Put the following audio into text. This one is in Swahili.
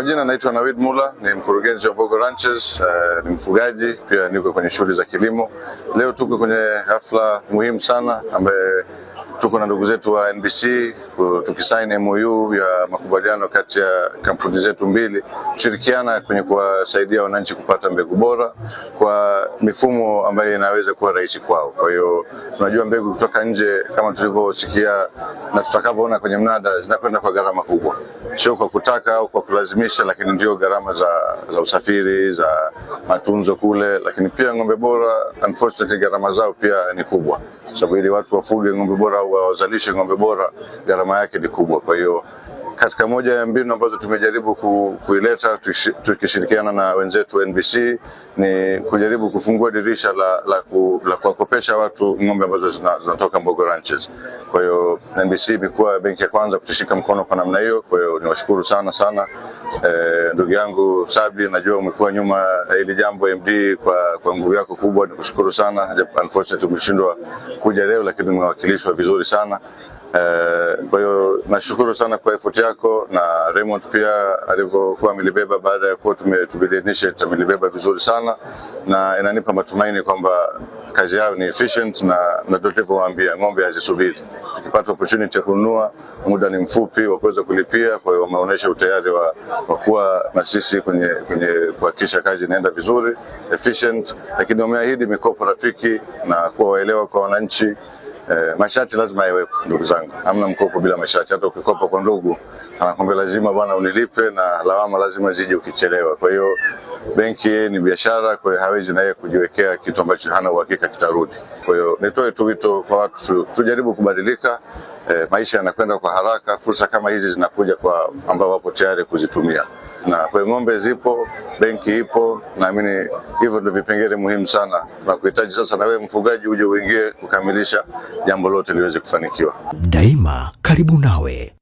majina naitwa Nawid Mula, ni mkurugenzi wa Mbogo Ranches, uh, ni mfugaji pia, niko kwenye shughuli za kilimo. Leo tuko kwenye hafla muhimu sana ambaye tuko na ndugu zetu wa NBC tukisaini MOU ya makubaliano kati ya kampuni zetu mbili kushirikiana kwenye kuwasaidia wananchi kupata mbegu bora kwa mifumo ambayo inaweza kuwa rahisi kwao. Kwa hiyo tunajua mbegu kutoka nje kama tulivyosikia na tutakavyoona kwenye mnada zinakwenda kwa gharama kubwa, sio kwa kutaka au kwa kulazimisha, lakini ndio gharama za, za usafiri za matunzo kule, lakini pia ng'ombe bora unfortunately gharama zao pia ni kubwa sababu ili watu wafuge ng'ombe bora au wazalishe ng'ombe bora, gharama yake ni kubwa. Kwa hiyo katika moja ya mbinu ambazo tumejaribu ku, kuileta tukishirikiana na wenzetu NBC ni kujaribu kufungua dirisha la, la, ku, la kuwakopesha watu ng'ombe ambazo zinatoka Mbogo Ranches. Kwa hiyo NBC imekuwa benki ya kwanza kutushika mkono kwa namna hiyo. Kwa hiyo niwashukuru sana sana e, ndugu yangu Sabi, najua umekuwa nyuma hili jambo MD, kwa, kwa nguvu yako kubwa, nikushukuru sana. Unfortunately tumeshindwa kuja leo, lakini umewakilishwa vizuri sana. Eh, kwa hiyo nashukuru sana kwa effort yako na Raymond pia alivyokuwa amelibeba baada ya kuwa tumetubidhinisha amelibeba vizuri sana, na inanipa matumaini kwamba kazi yao ni efficient, na ndio tulivyowaambia ng'ombe hazisubiri. Tukipata opportunity ya kununua, muda ni mfupi wa kuweza kulipia. Kwa hiyo wameonyesha utayari wa, wa kuwa na sisi kwenye kwenye kuhakikisha kazi inaenda vizuri efficient, lakini wameahidi mikopo rafiki na kuwaelewa kwa wananchi E, eh, masharti lazima yawepo ndugu zangu, hamna mkopo bila masharti. Hata ukikopa kwa ndugu anakwambia lazima bwana unilipe, na lawama lazima zije ukichelewa. Kwa hiyo benki ni biashara, kwa hiyo hawezi na yeye kujiwekea kitu ambacho hana uhakika kitarudi. Kwa hiyo nitoe tu wito kwa watu, tujaribu kubadilika. Eh, maisha yanakwenda kwa haraka, fursa kama hizi zinakuja kwa ambao wapo tayari kuzitumia na kwa ng'ombe zipo, benki ipo, naamini hivyo ndio vipengele muhimu sana tunakuhitaji sasa, na wewe mfugaji uje uingie kukamilisha jambo lote liweze kufanikiwa. Daima karibu nawe.